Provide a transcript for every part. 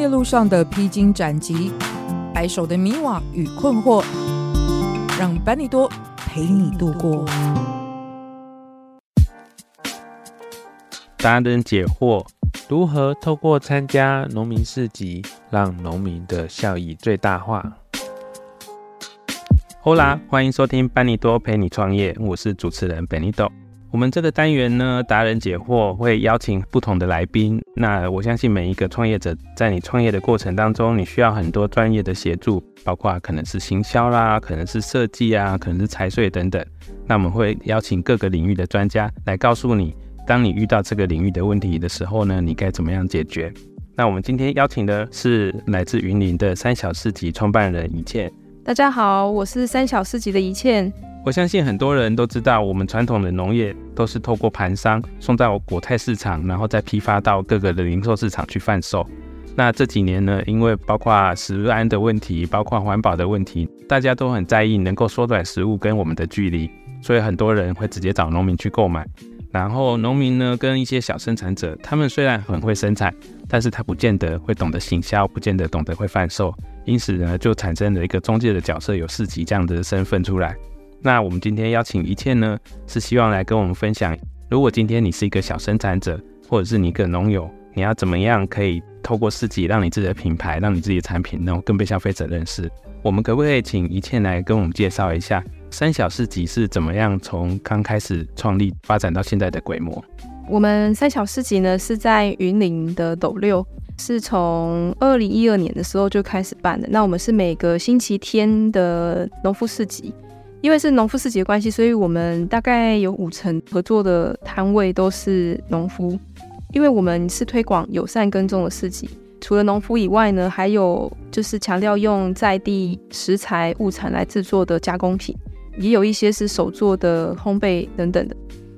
業路上的披荊斬棘，白手的迷惘與困惑，讓班尼多陪你度過。達人解惑：如何透過參加農民市集，讓農民的效益最大化？Hola, 歡迎收聽班尼多陪你創業，我是主持人 Benito。我們這個單元呢，達人解惑會邀請不同的來賓。那我相信每一個創業者在你創業的過程當中，你需要很多專業的協助，包括可能是行銷啦，可能是設計啊，可能是財稅等等。那我們會邀請各個領域的專家來告訴你，當你遇到這個領域的問題的時候呢，你該怎麼樣解決。那我們今天邀請的是來自雲林的三小市集創辦人李宜倩。大家好，我是三小市集的宜倩。我相信很多人都知道，我們傳統的農業都是透過盤商送到果菜市場，然後再批發到各個的零售市場去販售。那這幾年呢，因為包括食安的問題，包括環保的問題，大家都很在意能夠縮短食物跟我們的距離，所以很多人會直接找農民去購買。然後農民呢，跟一些小生產者，他們雖然很會生產，但是他不見得會懂得行銷，不見得懂得會販售。因此呢，就產生了一個中介的角色，有市集這樣的身份出來。那我們今天邀請宜倩呢，是希望來跟我們分享，如果今天你是一個小生產者，或者是你一個農友，你要怎麼樣可以透過市集，讓你自己的品牌，讓你自己的產品，然後更被消費者認識。我們可不可以請宜倩來跟我們介紹一下，三小市集是怎麼樣從剛開始創立發展到現在的規模？我們三小市集呢是在雲林的斗六。是從二零一二年的時候就開始辦的。那我們是每個星期天的農夫市集，因為是農夫市集的關係，所以我們大概有五成合作的攤位都是農夫。因為我們是推廣友善耕種的市集，除了農夫以外呢，還有就是強調用在地食材物產來製作的加工品，也有一些是手做的烘焙等等的。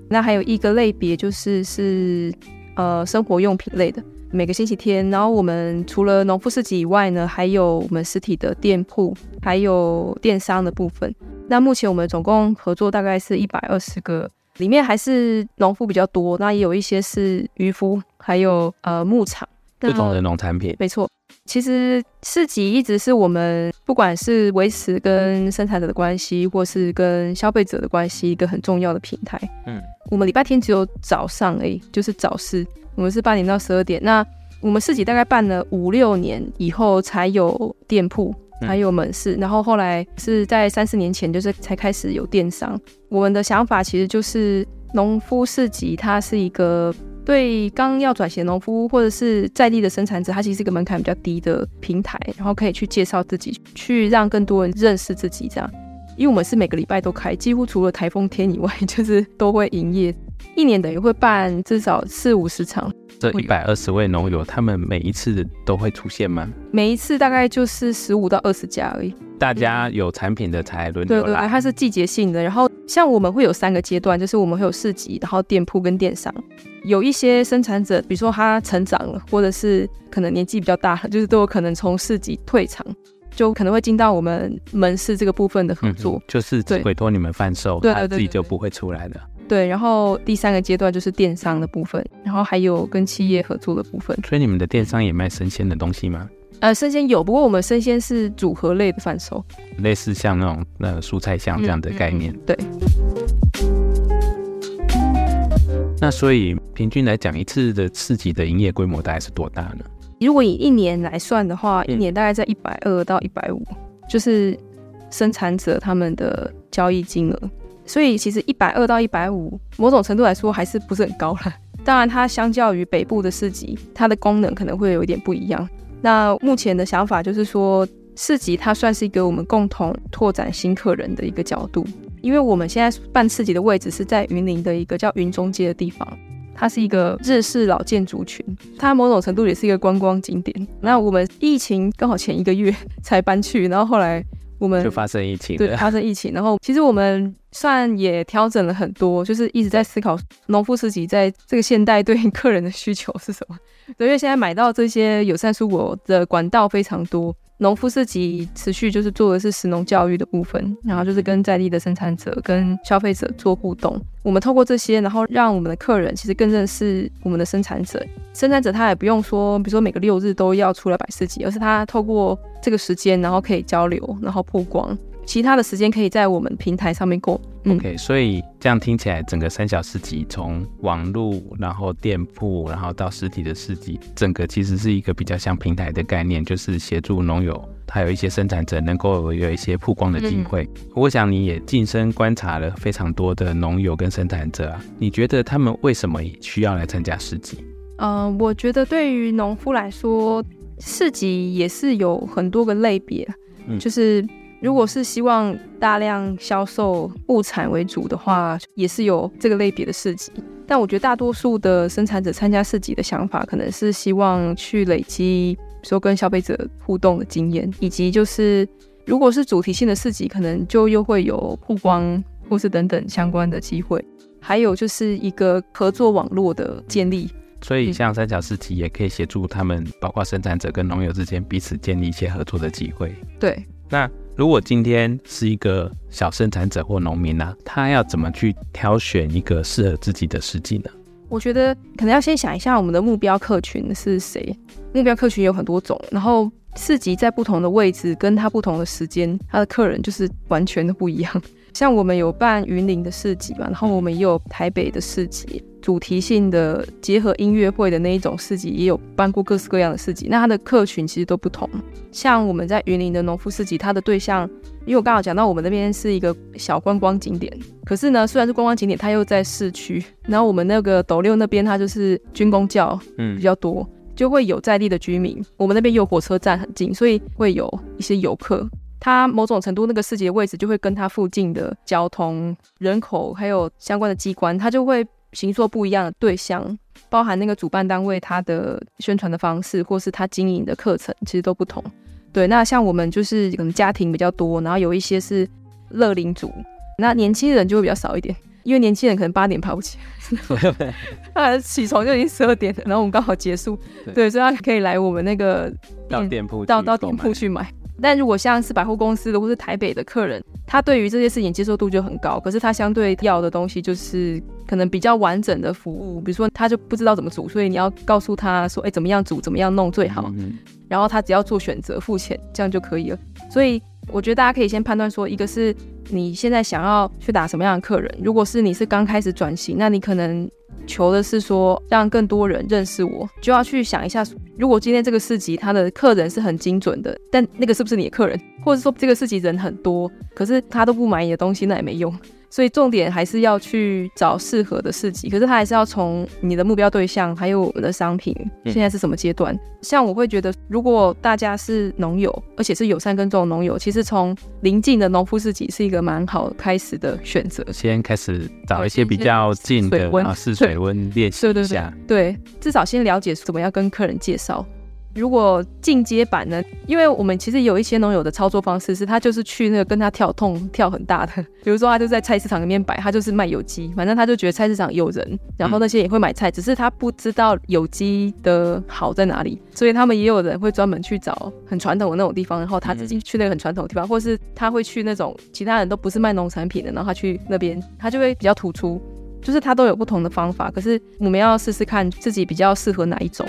那還有一個類別就是是呃生活用品類的。每個星期天，然後我們除了農夫市集以外呢，還有我們實體的店鋪，還有電商的部分。那目前我們總共合作大概是一百二十個，裡面還是農夫比較多，那也有一些是漁夫，還有呃牧場。這種的農產品。沒錯，其實市集一直是我們不管是維持跟生產者的關係，或是跟消費者的關係，一個很重要的平台。嗯，我們禮拜天只有早上而已，就是早市。我們是八點到十二點。那我們市集大概辦了五六年以後才有店鋪，還有門市，嗯。然後後來是在三四年前，就是才開始有電商。我們的想法其實就是，農夫市集它是一個對剛要轉型農夫或者是在地的生產者，它其實是一個門檻比較低的平台，然後可以去介紹自己，去讓更多人認識自己。這樣，因為我們是每個禮拜都開，幾乎除了台風天以外，就是都會營業。一年等於會辦至少四五十場。這一百二十位農友，他們每一次都會出現嗎？嗯、每一次大概就是十五到二十家而已。大家有產品的才輪流來。對，對它是季節性的。然後像我們會有三個階段，就是我們會有市集，然後店鋪跟電商。有一些生產者，比如說他成長了，或者是可能年紀比較大，就是都有可能從市集退場，就可能會進到我們門市這個部分的合作。嗯、就是只委托你們販售對對對對對，他自己就不會出來了。對，然後第三個階段就是電商的部分，然後還有跟企業合作的部分。所以你們的電商也賣生鮮的東西嗎？呃，生鮮有，不過我們生鮮是組合類的販售，類似像那種那個蔬菜箱這樣的概念。嗯嗯對。那所以平均來講，一次的市集的營業規模大概是多大呢？如果以一年來算的話，嗯、一年大概在一百二到一百五，就是生產者他們的交易金額。所以其實一百二到一百五，某種程度來說還是不是很高了。當然，它相較於北部的市集，它的功能可能會有一點不一樣。那目前的想法就是說，市集它算是一個我們共同拓展新客人的一個角度，因為我們現在辦市集的位置是在雲林的一個叫雲中街的地方，它是一個日式老建築群，它某種程度也是一個觀光景點。那我們疫情剛好前一個月才搬去，然後後來。我們就發生疫情，對，發生疫情，然後其實我們算也調整了很多，就是一直在思考農夫市集在這個現代對客人的需求是什麼？對，因為現在買到這些友善蔬果的管道非常多。農夫市集持續就是做的是食農教育的部分，然後就是跟在地的生產者跟消費者做互動。我們透過這些，然後讓我們的客人其實更認識我們的生產者。生產者他也不用說，比如說每個六日都要出來擺市集，而是他透過這個時間，然後可以交流，然後曝光。其他的時間可以在我們平台上面過。OK，所以這樣聽起來，整個三小市集，從網絡，然後店鋪，然後到實體的市集，整個其實是一個比較像平台的概念，就是協助農友，還有一些生產者能夠有一些曝光的機會。嗯。我想你也近身觀察了非常多的農友跟生產者啊，你覺得他們為什麼需要來參加市集？嗯，呃，我覺得對於農夫來說，市集也是有很多個類別，嗯，就是。如果是希望大量銷售物產為主的話，也是有這個類別的市集。但我覺得大多數的生產者參加市集的想法，可能是希望去累積說跟消費者互動的經驗，以及就是如果是主題性的市集，可能就又會有曝光或是等等相關的機會。還有就是一個合作網絡的建立。所以像三小市集也可以協助他們，包括生產者跟農友之間彼此建立一些合作的機會。對，那。如果今天是一個小生產者或農民呢？啊，他要怎麼去挑選一個適合自己的市集呢？我覺得可能要先想一下我們的目標客群是誰，目標客群有很多種，然後市集在不同的位置，跟他不同的時間，他的客人就是完全的不一樣。像我們有辦雲林的市集嘛，然後我們也有台北的市集，主題性的結合音樂會的那一種市集，也有辦過各式各樣的市集。那它的客群其實都不同。像我們在雲林的農夫市集，它的對象，因為我剛好講到我們那邊是一個小觀光景點，可是呢，雖然是觀光景點，它又在市區。然後我們那個斗六那邊，它就是軍公教，嗯，比較多，就會有在地的居民。我們那邊有火車站很近，所以會有一些遊客。它某種程度，那個市集的位置就會跟它附近的交通、人口還有相關的機關，它就會形塑不一樣的對象，包含那個主辦單位它的宣傳的方式，或是它經營的課程，其實都不同。對，那像我們就是可能家庭比較多，然後有一些是樂齡族，那年輕人就會比較少一點，因為年輕人可能八點爬不起來，對， 他起床就已經十二點了，然後我們剛好結束。對，對，所以他可以來我們那個店鋪到到店鋪去，去買。但如果像是百貨公司，或是台北的客人，他對於這些事情接受度就很高。可是他相對要的東西就是可能比較完整的服務，比如說他就不知道怎麼煮，所以你要告訴他說，哎，怎麼樣煮，怎麼樣弄最好，然後他只要做選擇付錢，這樣就可以了。所以我覺得大家可以先判斷說，一個是。你現在想要去打什麼樣的客人？如果是你是剛開始轉型，那你可能求的是說，讓更多人認識我，就要去想一下，如果今天這個市集他的客人是很精準的，但那個是不是你的客人？或者說這個市集人很多，可是他都不買你的東西，那也沒用。所以重點還是要去找適合的市集，可是他還是要從你的目標對象，還有我們的商品現在是什麼階段。嗯，像我會覺得，如果大家是農友，而且是友善耕種農友，其實從臨近的農夫市集是一個蠻好開始的選擇。先開始找一些比較近的水溫啊，試水溫練習一下。對，至少先了解怎麼樣跟客人介紹。如果進階版呢？因為我們其實有一些農友的操作方式是，他就是去那個跟他跳 tone，跳很大的，比如說他就在菜市場裡面擺，他就是賣有機，反正他就覺得菜市場有人，然後那些也會買菜，嗯、只是他不知道有機的好在哪裡。所以他們也有人會專門去找很傳統的那種地方，然後他自己去那個很傳統的地方、嗯，或是他會去那種其他人都不是賣農產品的，然後他去那邊，他就會比較突出。就是他都有不同的方法，可是我們要試試看自己比較適合哪一種。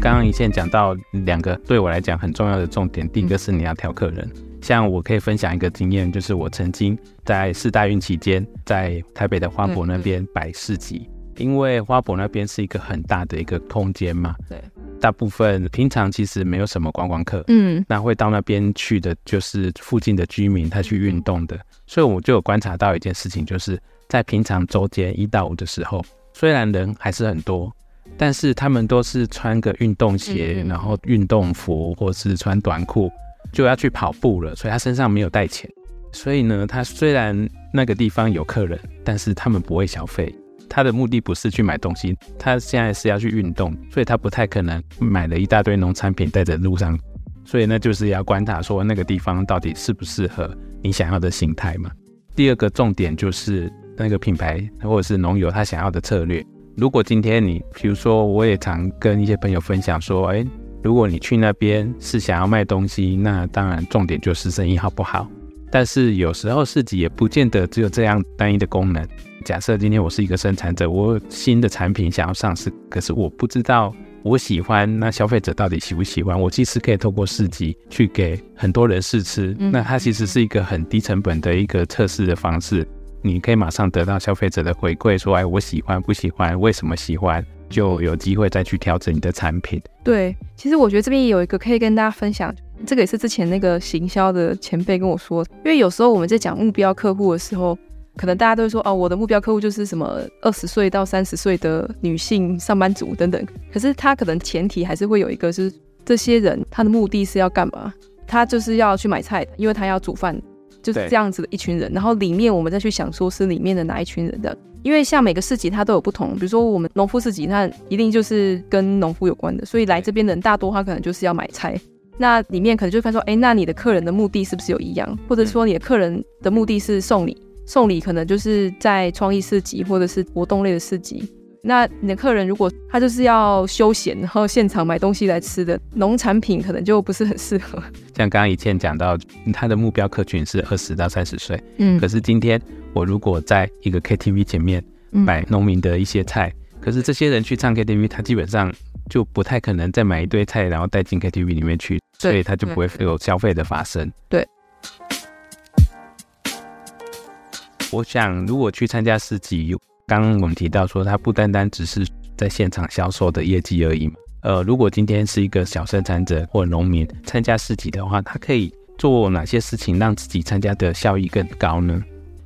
剛剛宜倩講到兩個對我來講很重要的重點，第一個是你要挑客人。像我可以分享一個經驗，就是我曾經在世大運期間，在台北的花博那邊擺市集，因為花博那邊是一個很大的一個空間嘛，對，大部分平常其實沒有什麼觀光客，嗯，那會到那邊去的就是附近的居民他去運動的、嗯，所以我就有觀察到一件事情，就是在平常周間一到五的時候，雖然人還是很多。但是他們都是穿個運動鞋，然後運動服或是穿短褲，就要去跑步了。所以他身上沒有帶錢。所以呢，他雖然那個地方有客人，但是他們不會消費。他的目的不是去買東西，他現在是要去運動，所以他不太可能買了一大堆農產品帶着路上。所以呢，就是要觀察說那個地方到底適不適合你想要的形態嘛。第二個重點就是那個品牌或者是農友他想要的策略。如果今天你，比如說，我也常跟一些朋友分享說，誒、欸，如果你去那邊是想要賣東西，那當然重點就是生意好不好。但是有時候市集也不見得只有這樣單一的功能。假設今天我是一個生產者，我新的產品想要上市，可是我不知道我喜歡，那消費者到底喜不喜歡，我其實可以透過市集去給很多人試吃，那它其實是一個很低成本的一個測試的方式。你可以馬上得到消費者的回饋，說，哎，我喜歡不喜歡，為什麼喜歡，就有機會再去調整你的產品。對，其實我覺得這邊有一個可以跟大家分享，這個也是之前那個行銷的前輩跟我說，因為有時候我們在講目標客戶的時候，可能大家都會說，哦，我的目標客戶就是什麼二十歲到三十歲的女性上班族等等，可是他可能前提還是會有一個、就是，是這些人他的目的是要幹嘛？他就是要去買菜，因為他要煮飯。就是這樣子的一群人，然後裡面我們再去想說是裡面的哪一群人的，因為像每個市集它都有不同，比如說我們農夫市集，那一定就是跟農夫有關的，所以來這邊的人大多他可能就是要買菜。那裡面可能就看說，哎、欸，那你的客人的目的是不是有一樣？或者說你的客人的目的是送禮，送禮可能就是在創意市集或者是活動類的市集。那你的客人如果他就是要休閒，然後現場買東西來吃的農產品，可能就不是很適合。像剛剛宜倩講到，他的目標客群是二十到三十歲，嗯，可是今天我如果在一個 KTV 前面買農民的一些菜，嗯，可是這些人去唱 KTV，他基本上就不太可能再買一堆菜，然後帶進 KTV 裡面去，所以他就不會有消費的發生。對。對。我想如果去參加市集。剛剛我們提到說，他不單單只是在現場銷售的業績而已。呃，如果今天是一個小生產者或農民參加市集的話，他可以做哪些事情讓自己參加的效益更高呢？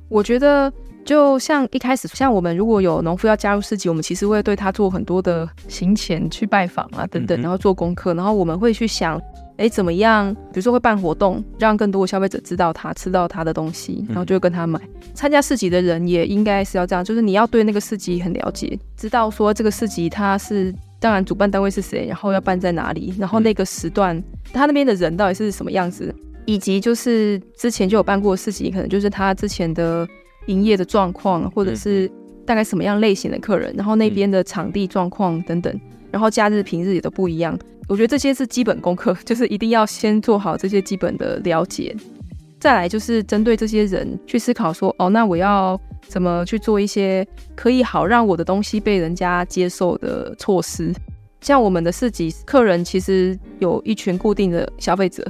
我覺得就像一開始，像我們如果有農夫要加入市集，我們其實會對他做很多的行前去拜訪啊，等等，然後做功課，然後我們會去想。哎，怎麼樣？比如說會辦活動，讓更多的消費者知道他吃到他的東西，然後就會跟他買、嗯。參加市集的人也應該是要這樣，就是你要對那個市集很了解，知道說這個市集他是當然主辦單位是誰，然後要辦在哪裡，然後那個時段、嗯、他那邊的人到底是什麼樣子，以及就是之前就有辦過的市集，可能就是他之前的營業的狀況，或者是大概什麼樣類型的客人，嗯、然後那邊的場地狀況等等，然後假日平日也都不一樣。我覺得這些是基本功課，就是一定要先做好這些基本的了解，再來就是針對這些人去思考說，哦，那我要怎麼去做一些可以好讓我的東西被人家接受的措施。像我們的市集客人，其實有一群固定的消費者，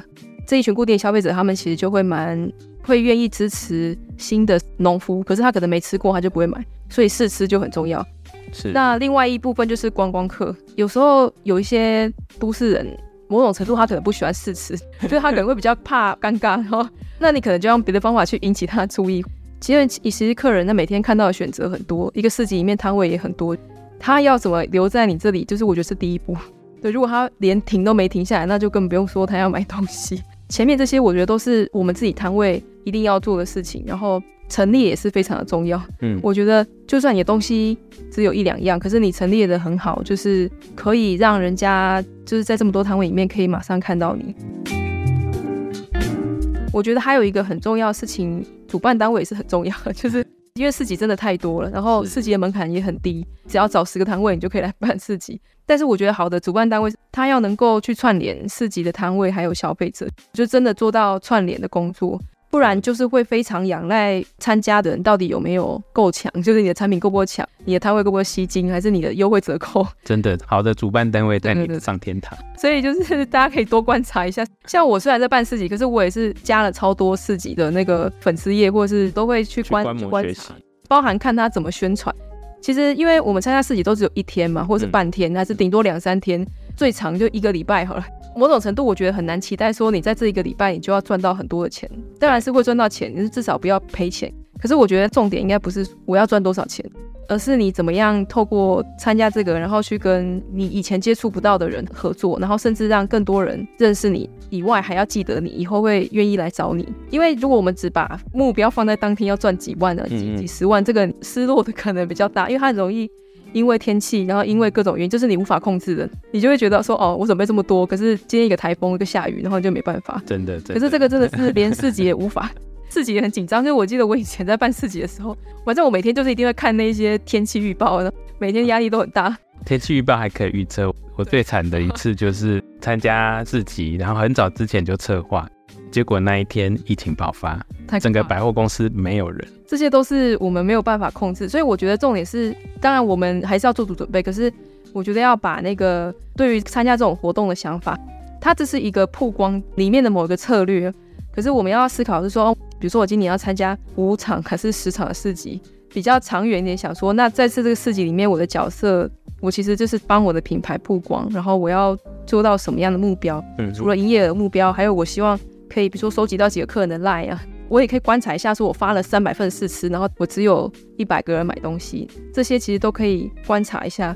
這一群固定的消費者，他們其實就會蠻會願意支持新的農夫，可是他可能沒吃過，他就不會買，所以試吃就很重要。是，那另外一部分就是觀光客，有時候有一些都市人，某種程度他可能不喜歡試吃，就是他可能會比較怕尷尬。 然後那你可能就用別的方法去引起他的注意。其實，其實客人那每天看到的選擇很多，一個市集裡面攤位也很多，他要怎麼留在你這裡，就是我覺得是第一步。對，如果他連停都沒停下來，那就根本不用說他要買東西。前面這些我覺得都是我們自己攤位一定要做的事情，然後。陳列也是非常的重要。嗯，我覺得就算你的東西只有一兩樣，可是你陳列的很好，就是可以讓人家就是在這麼多攤位裡面可以馬上看到你。嗯，我覺得還有一個很重要的事情，主辦單位也是很重要的，就是因為市集真的太多了，然後市集的門檻也很低，只要找十個攤位你就可以來辦市集。但是我覺得好的主辦單位，他要能夠去串聯市集的攤位還有消費者，就真的做到串聯的工作。不然就是會非常仰賴參加的人到底有沒有夠強，就是你的產品夠不夠強，你的攤位夠不夠吸睛，還是你的優惠折扣？真的好的主辦單位帶你上天堂。對對對。所以就是大家可以多觀察一下， 像我雖然在辦市集，可是我也是加了超多市集的那個粉絲頁，或者是都會去觀去觀，去觀察，包含看他怎麼宣傳。其實因為我們參加市集都只有一天嘛，或是半天，嗯，還是頂多兩三天。嗯最長就一個禮拜好了，某種程度我覺得很難期待說你在這一個禮拜你就要賺到很多的錢，當然是會賺到錢，但是至少不要賠錢。可是我覺得重點應該不是我要賺多少錢，而是你怎麼樣透過參加這個，然後去跟你以前接觸不到的人合作，然後甚至讓更多人認識你以外，還要記得你以後會願意來找你。因為如果我們只把目標放在當天要賺幾萬啊、幾幾十萬，這個失落的可能比較大，因為它很容易。因為天氣，然後因為各種原因，就是你無法控制的，你就會覺得說：“哦，我準備這麼多，可是今天一個台風，一個下雨，然後就沒辦法。真的”真的，可是這個真的是連市集也無法， 市集也很緊張。就我記得我以前在辦市集的時候，反正我每天就是一定會看那些天氣預報，然後每天壓力都很大。天氣預報還可以預測，我最慘的一次就是參加市集， 然後很早之前就策劃，結果那一天疫情爆發，整個百貨公司沒有人。這些都是我們沒有辦法控制，所以我覺得重點是，當然我們還是要做足準備。可是我覺得要把那個對於參加這種活動的想法，它這是一個曝光裡面的某一個策略。可是我們要思考是說，哦，比如說我今年要參加五場還是十場的市集，比較長遠一點想說，那在這個市集裡面，我的角色，我其實就是幫我的品牌曝光，然後我要做到什麼樣的目標？嗯，除了營業額目標，還有我希望。可以，比如說收集到幾個客人的 Line 啊，我也可以觀察一下，說我發了三百份試吃，然後我只有一百個人買東西，這些其實都可以觀察一下。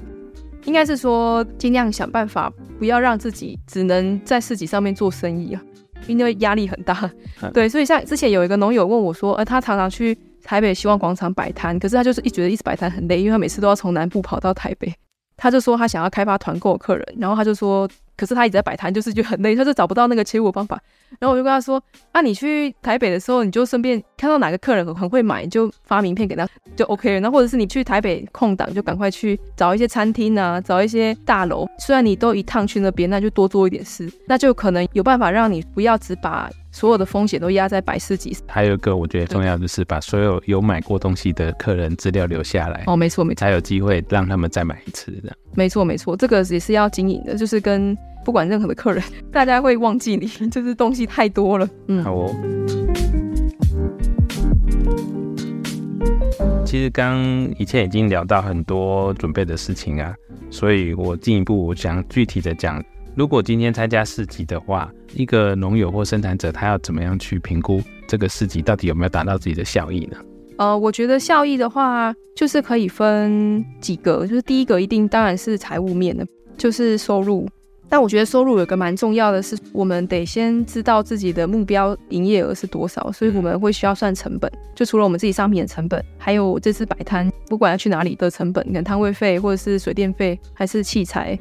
應該是說，盡量想辦法，不要讓自己只能在市集上面做生意啊，因為壓力很大。嗯。對，所以像之前有一個農友問我說，呃、啊，他常常去台北希望廣場擺攤，可是他就是一直覺得一直擺攤很累，因為他每次都要從南部跑到台北，他就說他想要開發團購客人，然後他就說。可是他一直在擺攤，就是就很累，他就找不到那個切入方法。然後我就跟他說：“那、啊、你去台北的時候，你就順便看到哪個客人很會買，你就發名片給他，就 OK 了。那或者是你去台北空檔，就趕快去找一些餐廳吶、啊，找一些大樓。雖然你都一趟去那邊，那就多做一點事，那就可能有辦法讓你不要只把。”所有的風險都壓在擺市集。還有一個我覺得重要的是把所有有買過東西的客人資料留下來。哦，沒錯沒錯。才有機會讓他們再買一次的，這樣。沒錯沒錯，這個也是要經營的，就是跟不管任何的客人，大家會忘記你，就是東西太多了。嗯，好哦。其實剛以前已經聊到很多準備的事情啊，所以我進一步想具體的講。如果今天參加市集的話，一個農友或生產者，他要怎麼樣去評估這個市集到底有沒有達到自己的效益呢？呃，我覺得效益的話，就是可以分幾個，就是第一個一定當然是財務面的，就是收入。但我覺得收入有個蠻重要的是，我們得先知道自己的目標營業額是多少，所以我們會需要算成本，就除了我們自己商品的成本，還有這次擺攤不管要去哪裡的成本，可能攤位費或者是水電費還是器材。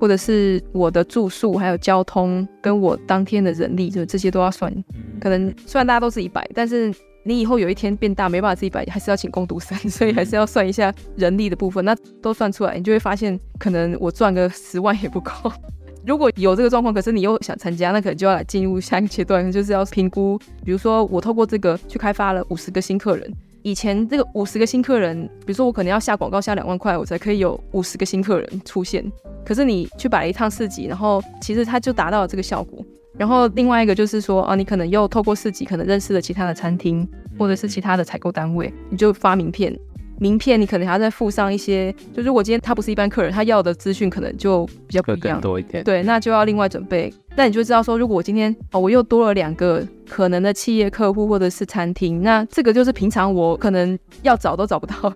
或者是我的住宿，還有交通，跟我當天的人力，就這些都要算。可能雖然大家都自己擺，但是你以後有一天變大，沒辦法自己擺，還是要請工讀生，所以還是要算一下人力的部分。那都算出來，你就會發現，可能我賺個十萬也不夠。 如果有這個狀況，可是你又想參加，那可能就要來進入下一個階段，就是要評估。比如說，我透過這個去開發了五十個新客人。以前這個五十個新客人，比如說我可能要下廣告下兩萬塊，我才可以有五十個新客人出現，可是你去擺了一趟市集，然後其實它就達到了這個效果。然後另外一個就是說，啊，你可能又透過市集，可能認識了其他的餐廳，或者是其他的採購單位，你就發名片。名片你可能還要再附上一些，就如果今天他不是一般客人，他要的資訊可能就比較不一樣，更多一點，對，那就要另外準備。那你就知道說，如果我今天哦，我又多了兩個可能的企業客戶或者是餐廳，那這個就是平常我可能要找都找不到，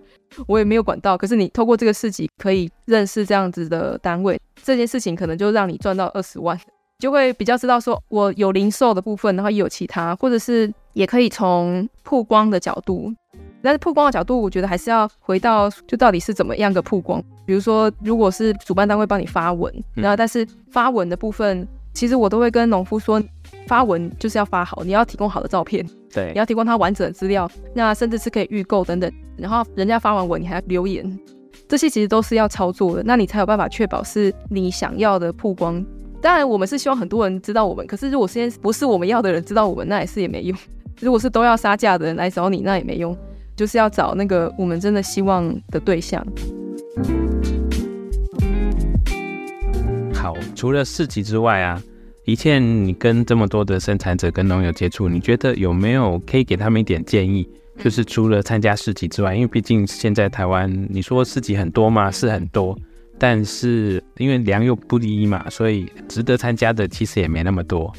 我也沒有管到。可是你透過這個市集可以認識這樣子的單位，這件事情可能就讓你賺到二十萬，就會比較知道說我有零售的部分，然後也有其他，或者是也可以從曝光的角度。但是曝光的角度，我覺得還是要回到就到底是怎麼樣的曝光。比如說，如果是主辦單位幫你發文，然後但是發文的部分，其實我都會跟農夫說，發文就是要發好，你要提供好的照片，對，你要提供他完整的資料，那甚至是可以預購等等，然後人家發完文，你還要留言，這些其實都是要操作的，那你才有辦法確保是你想要的曝光。當然，我們是希望很多人知道我們，可是如果現在不是我們要的人知道我們，那也是也沒用。如果是都要殺價的人來找你，那也沒用。就是要找那個我們真的希望的對象。好，除了市集之外啊，宜倩，你跟這麼多的生產者跟農友接觸，你覺得有沒有可以給他們一點建議？嗯、就是除了參加市集之外，因為畢竟現在台灣，你說市集很多嘛，是很多，但是因為良莠不一嘛，所以值得參加的其實也沒那麼多。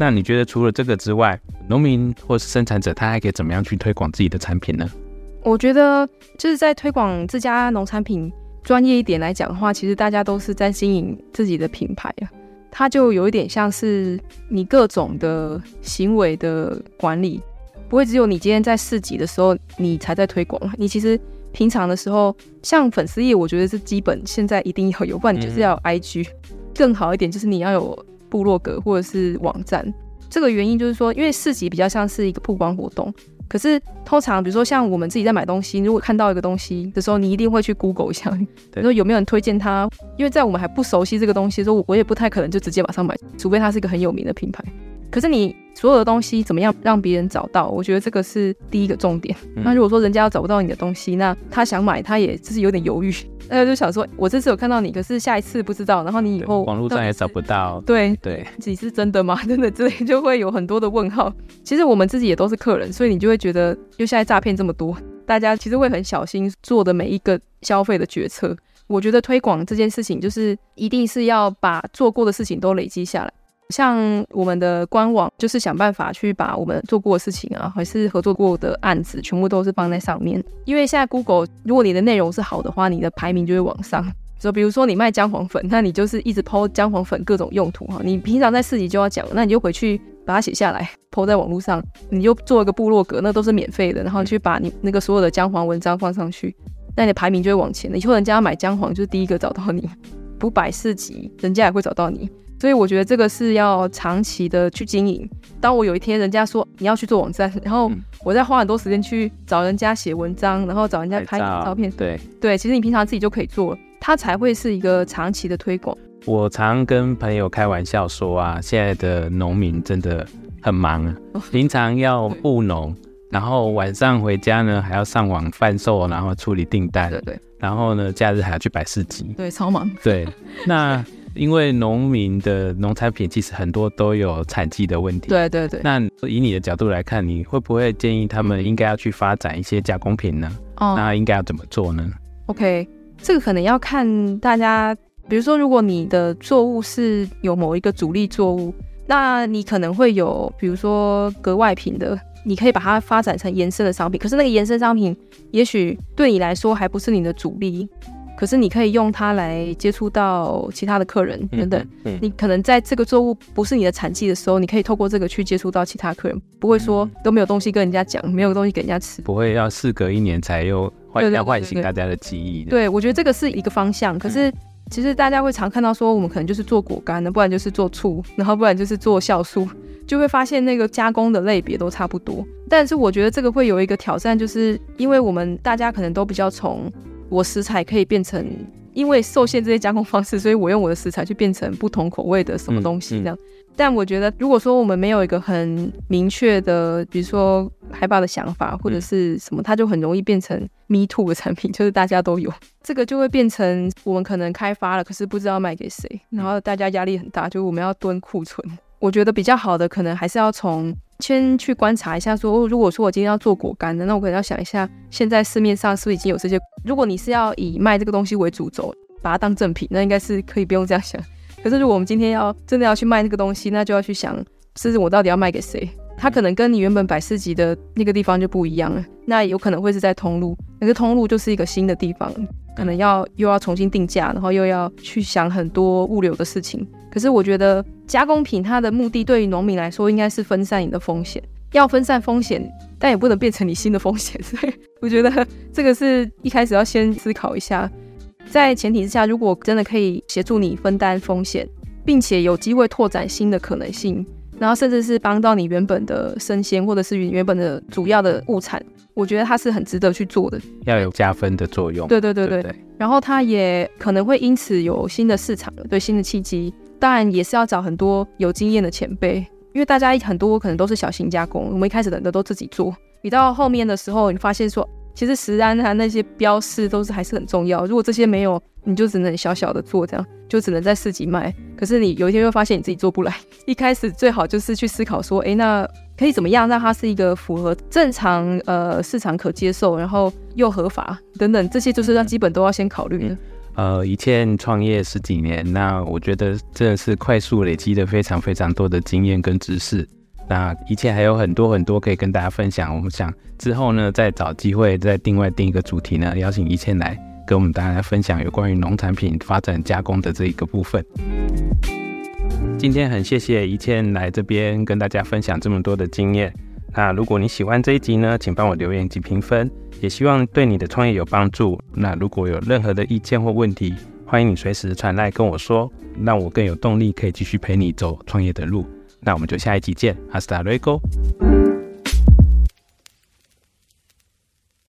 那你覺得除了這個之外，農民或是生產者，他還可以怎麼樣去推廣自己的產品呢？我覺得就是在推廣自家農產品，專業一點來講的話，其實大家都是在經營自己的品牌啊，它就有一點像是你各種的行為的管理，不會只有你今天在市集的時候你才在推廣，你其實平常的時候，像粉絲頁，我覺得是基本現在一定要有。不然你就是要有 IG、嗯、更好一點，就是你要有。部落格或者是網站，這個原因就是說，因為市集比較像是一個曝光活動。可是通常，比如說像我們自己在買東西，如果看到一個東西的時候，你一定會去 Google 一下，對。比如說有沒有人推薦它。因為在我們還不熟悉這個東西的時候，我也不太可能就直接馬上買，除非它是一個很有名的品牌。可是你所有的東西怎麼樣讓別人找到？我覺得這個是第一個重點。嗯，那如果說人家要找不到你的東西，那他想買他也就是有點猶豫，那就想說我這次有看到你，可是下一次不知道。然後你以後網絡上也找不到，對對，自己是真的嗎？真的，這裡就會有很多的問號。其實我們自己也都是客人，所以你就會覺得，因為現在詐騙這麼多，大家其實會很小心做的每一個消費的決策。我覺得推廣這件事情，就是一定是要把做過的事情都累積下來。像我們的官網，就是想辦法去把我們做過的事情啊，還是合作過的案子，全部都是放在上面。因為現在 Google，如果你的內容是好的話，你的排名就會往上。就比如說你賣薑黃粉，那你就是一直拋薑黃粉各種用途哈。你平常在市集就要講，那你就回去把它寫下來，拋在網絡上。你就做一個部落格，那都是免費的，然後你去把你那個所有的薑黃文章放上去，那你的排名就會往前。以後人家要買薑黃，就是第一個找到你，不擺市集，人家也會找到你。所以我覺得這個是要長期的去經營。當我有一天人家說你要去做網站，然後我再花很多時間去找人家寫文章，然後找人家拍你的照片，照。對對，其實你平常自己就可以做了，它才會是一個長期的推廣。我常跟朋友開玩笑說啊，現在的農民真的很忙，平常要務農，然後晚上回家呢還要上網販售，然後處理訂單，對，對，對，然後呢假日還要去擺市集，對，超忙。對，那。因為農民的農產品其實很多都有產季的問題。對對對。那以你的角度來看，你會不會建議他們應該要去發展一些加工品呢？哦、嗯。那應該要怎麼做呢？OK，這個可能要看大家。比如說，如果你的作物是有某一個主力作物，那你可能會有，比如說格外品的，你可以把它發展成延伸的商品。可是那個延伸商品，也許對你來說還不是你的主力。可是你可以用它來接觸到其他的客人等等、嗯嗯，你可能在這個作物不是你的產季的時候，你可以透過這個去接觸到其他客人，不會說都沒有東西跟人家講，嗯、沒有東西給人家吃，不會要事隔一年才又喚，對對對對，要喚醒大家的記憶對對對對對。對，我覺得這個是一個方向。可是其實大家會常看到說，我們可能就是做果乾的，嗯，不然就是做醋，然後不然就是做酵素，就會發現那個加工的類別都差不多。但是我覺得這個會有一個挑戰，就是因為我們大家可能都比較從。我食材可以變成，因為受限這些加工方式，所以我用我的食材去變成不同口味的什麼東西這樣。但我覺得，如果說我們沒有一個很明確的，比如說害怕的想法或者是什麼，它就很容易變成 me too 的產品，就是大家都有，這個就會變成我們可能開發了，可是不知道賣給誰，然後大家壓力很大，就我們要蹲庫存。我覺得比較好的可能還是要從。先去觀察一下說，說哦，如果說我今天要做果乾的，那我可能要想一下，現在市面上是不是已經有這些？如果你是要以賣這個東西為主軸，把它當正品，那應該是可以不用這樣想。可是如果我們今天要真的要去賣這個東西，那就要去想，甚至我到底要賣給誰？它可能跟你原本擺市集的那個地方就不一樣了。那有可能會是在通路，可是通路就是一個新的地方。可、嗯，可能要又要重新定價，然後又要去想很多物流的事情。可是我覺得加工品它的目的，對於農民來說，應該是分散你的風險。要分散風險，但也不能變成你新的風險。所以，我覺得這個是一開始要先思考一下。在前提之下，如果真的可以協助你分擔風險，並且有機會拓展新的可能性，然後甚至是幫到你原本的生鮮，或者是你原本的主要的物產。我覺得它是很值得去做的，要有加分的作用。對對對對，對對對，然後它也可能會因此有新的市場，對新的契機。當然也是要找很多有經驗的前輩，因為大家很多可能都是小型加工，我們一開始的都自己做。你到後面的時候，你發現說，其實食安它那些標識都是還是很重要。如果這些沒有，你就只能小小的做，這樣就只能在市集賣。可是你有一天會發現你自己做不來。一開始最好就是去思考說，哎、欸，那。可以怎麼樣讓它是一個符合正常呃市場可接受，然後又合法等等，這些就是讓基本都要先考慮的。呃，宜倩創業十幾年，那我覺得這是快速累積的非常非常多的經驗跟知識。那宜倩還有很多很多可以跟大家分享，我們想之後呢再找機會再另外定一個主題呢，邀請宜倩來跟我們大家分享有關於農產品發展加工的這一個部分。今天很謝謝宜倩來這邊跟大家分享這麼多的經驗。那如果你喜歡這一集呢，請幫我留言及評分，也希望對你的創業有幫助。那如果有任何的意見或問題，歡迎你隨時傳來跟我說，讓我更有動力可以繼續陪你走創業的路。那我們就下一集見，Hasta luego。